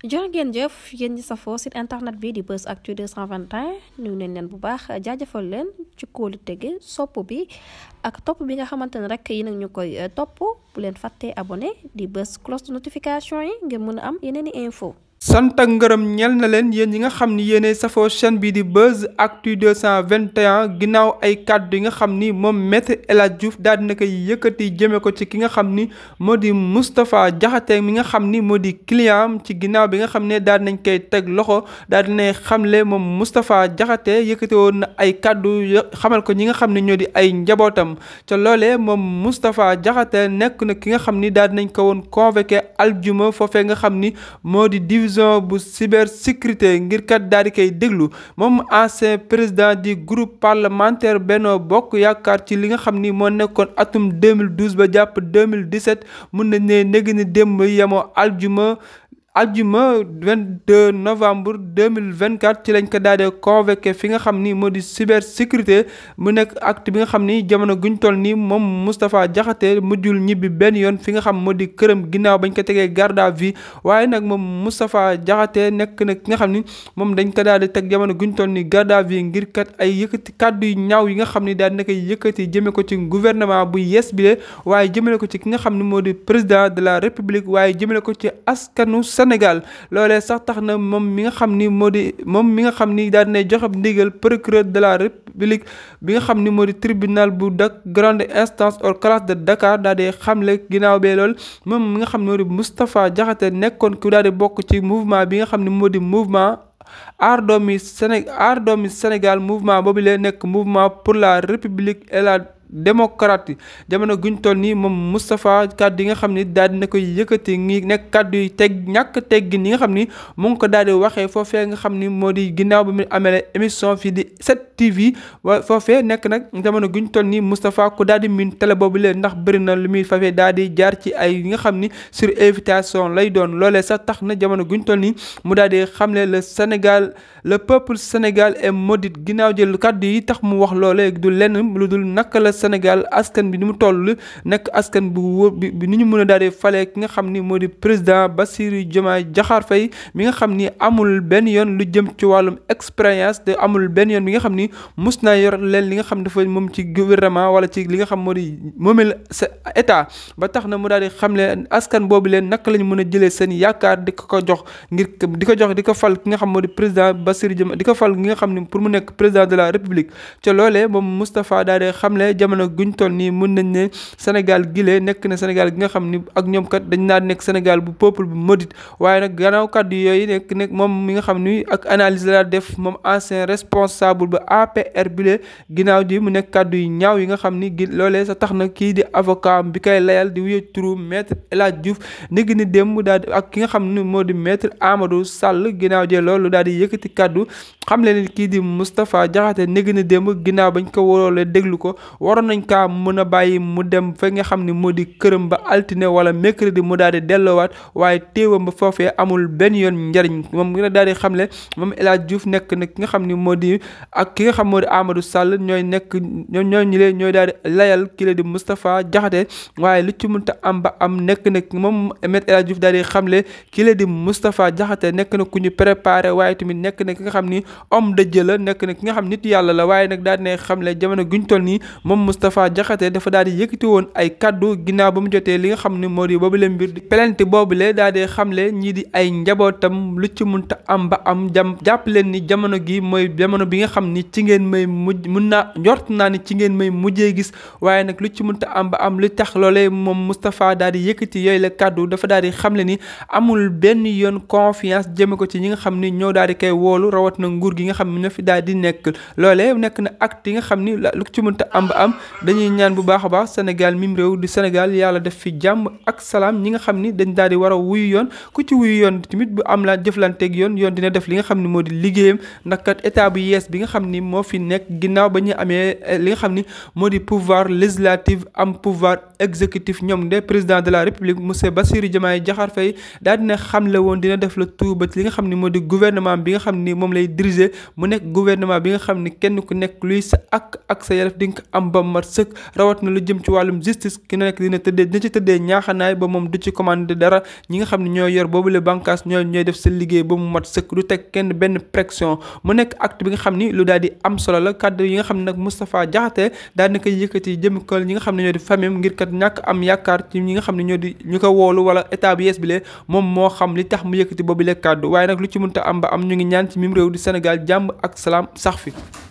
jërë ngeen jëf yéen ñi safoo site internet bi di Buzz Actu 221 nuyu nañ leen bu baax jaajëfal leen ci kóolu tege sopp bi ak topp bi nga xamante ne rek yi nag ñu koy eh, topp bu leen fàttee abone di bës cloche de notification yi ngeen mën a am yeneen i info sant ak ngërëm ñel na leen yéen ñi nga xam ni yéenay safoo chaîne bii di Buzz Actu 221 ginnaaw ay kàddu yi nga xam ni moom Maître El Hadji Diouf daal dina koy yëkkati jëme ko ci ki nga xam ni moo di Moustapha jaxate mi nga xam ni moo di client ci ginnaaw bi nga xam ne daal nañ koy teg loxo daal dina xamle moom Moustapha Diakhaté yëkkati woon na ay kàddu xamal ko ñi nga xam ne ñoo di ay njabootam ca loole moom Moustapha jaxate nekk na ki nga xam ni daal nañ ko woon convoqué aljuma foofee nga xam ni moo di division bu cybersécurité ngir kat daal di koy déglu moom ancien président du groupe parlementaire Benno Bokk Yaakaar ci li nga xam ni moo nekkoon atum 2012 ba jàpp 2017 mun na ne néegi ni démb yemo aljuma ajjuma 22 novembre 2024 ci lañ ko daal di fi nga xam ni moo di sécurité mu nekk acte bi nga xam ni jamono guñ toll nii moom Moustapha Diakhaté mujjul ñibbi benn yoon fi nga xam moo di këram ginnaaw bañ ko tegee garde à vue waaye nag moom Moustapha Diakhaté nekk na ki nga xam ni moom dañ ko daal di teg jamono guñ toll nii garde à vue ngir kat ay yëkkati kàddu yu ñaaw yi nga xam ni daal di na koy yëkkati jëme ko ci gouvernement bu yees bi de waaye jëmale ko ci ki nga xam ni moo di président de la république waaye jëmale ko ci askanu Sénégal loole sax tax na moom mi nga xam ni moo di moom mi nga xam ni daal dinay joxe ndigal procureur de la république bi nga xam ni moo di tribunal bu da grande instance hors classe de Dakar daal xamle ginnaaw bee lool moom mi nga xam ne moo di Moustapha Diakhaté nekkoon ku daal di bokk ci mouvement bi nga xam ni moo di mouvement aar doomi Séné doomi Sénégal mouvement boobu lee nekk mouvement pour la république et la démocrate jamono guñ toll nii moom Moustapha kàddu yi nga xam ni daal dina koy yëkkati ngi nekk kàddu yi teg ñàkk teggin yi nga xam ni mu ngi ko daal di waxee foofee nga xam ni moo di ginnaaw bi mu amee émission fii di 7TV wa foofee nekk nag jamono guñ toll nii Moustapha ku daal di miin télé boobu leen ndax bëri na lu muy fafee daal di jaar ci ay yi nga xam ni sur invitation lay doon loolee sax tax na jamono guñ toll nii mu daal di xamle la Sénégal la peuple Sénégal est maudit ginnaaw jël kàddu yi tax mu wax loolee du lenn lu dul naka la Sénégal askan bi ni mu toll nekk askan bu wóor bi ni ñu mën a daal di fale ki nga xam ni moo di président Bassirou Diomaye Diakhar fay mi nga xam ni amul benn yoon lu jëm ci wàllum expérience te amul benn yoon bi nga xam ni mus naa yor leen li nga xam dafa moom ci gouvernement wala ci li nga xam moo di moomeel sa état ba tax na mu daal di xam leen askan boobu leen naka la ñu mën a jëlee seen yaakaar di ko ko jox ngir di ko jox di ko fal ki nga xam moo di président Bassirou Diomaye di ko fal ki nga xam ni pour mu nekk président de la république jamono guñ nii mën nañ ne Sénégal gile nekk na Sénégal gi nga xam ni ak ñoom kat dañ naan nekk senegal bu peuple bu modit waaye nag gannaaw kàddu yooyu nekk nekk moom mi nga xam ni ak analyse la def moom ancien responsable ba APR bile ginnaaw ji mu nekk kàddu yi ñaaw yi nga xam ni gi loole sa tax na kii di avocat bi koy layal di wuye turu maître El Hadj Diouf nigi ni démb daal ak ki nga xam ni moo di maître amado Sall ginnaaw jee loolu daal di yëkkati kàddu xam leen ni kii di Moustapha Diakhaté nigi ni démb ginnaaw bañ ko déglu ko waroon nañ kaa mën a bàyyi mu dem fa nga xam ni moo di këram ba altine wala mercredi mu daal di delloowaat waaye téewam ba foofee amul benn yoon njariñ moom nga daal di xamle moom El Hadj nekk na ki nga xam ne moo di ak ki nga xam moo di Sall ñooy nekk ñoo ñoo ñooy daal di layal ki la di Moustapha waaye lu ci mënta am ba am nekk na moom Me El Hadj di xamle ki la di Moustapha Diakhaté nekk na ku ñu préparé waaye tamit nekk na ki nga xam ni homme de Dieu la nekk na ki nga xam nit yàlla la waaye nag daal di ne xamle jamono guñ toll nii moom Moustapha Diakhaté dafa daal di yëkkati woon ay kaddu ginnaaw ba mu jotee li nga xam ne moo di boobule mbir di plainte boobule daal di xamle ñii di ay njabootam lu ci munta am ba am jam jàpp leen ni jamono gi mooy jamono bi nga xam ni ci ngeen may mujj mun naa njort naa ni ci ngeen may mujjee gis waaye nag lu ci munta am ba am lu tax loole moom Moustapha daal di yëkkati yooyu la kaddu dafa daal di xamle ni amul benn yoon confiance jëme ko ci ñi nga xam ni ñoo daal di koy woolu rawat na nguur gi nga xam ne ñoo fi daal di nekk loolee nekk na acte yi nga xam ni lu ci munta am ba am am dañuy ñaan bu baax a baax Sénégal mim réew di Sénégal yàlla def fi jàmm ak salaam ñi nga xam ni dañ daal di war a wuyu yoon ku ci wuyu yoon tamit bu am laa jëflanteeg yoon yoon dina def li nga xam ni moo di liggéeyam ndax état bu yees bi nga xam ni moo fi nekk ginnaaw ba ñu amee eh, li nga xam ni moo di pouvoir législatif am pouvoir exécutif ñoom de président de la république monsieur Bassirou Diomaye Diakhar Faye daal dina xamle woon dina def la tuuba ci li nga xam ni moo di gouvernement bi nga xam ni moom lay diriger mu nekk gouvernement bi nga xam ni kenn ku nekk luy sa ak ak sa ba mat sëkk rawat na lu jëm ci wàllum justice ki na nekk dina tëddee dina ci tëddee ñaaxanaay ba moom du ci commandé dara ñi nga xam ne ñoo yor boobule bànqaas ñoo ñooy def seen liggéey ba mu mat sëkk du teg kenn benn pression mu nekk acte bi nga xam ni lu daal di am solo la kàddu yi nga xam ne nag Moustapha Diakhaté daal na koy yëkkati jëm ko ñi nga xam ne ñoo di famille ngir kat ñàkk am yaakaar ci ñi nga xam ne ñoo di ñu ko woolu wala état bu yees bi lee moom moo xam li tax mu yëkkati boobule kàddu waaye nag lu ci mënta am ba am ñu ngi ñaan ci mim réew di Sénégal jàmm ak salaam sax fi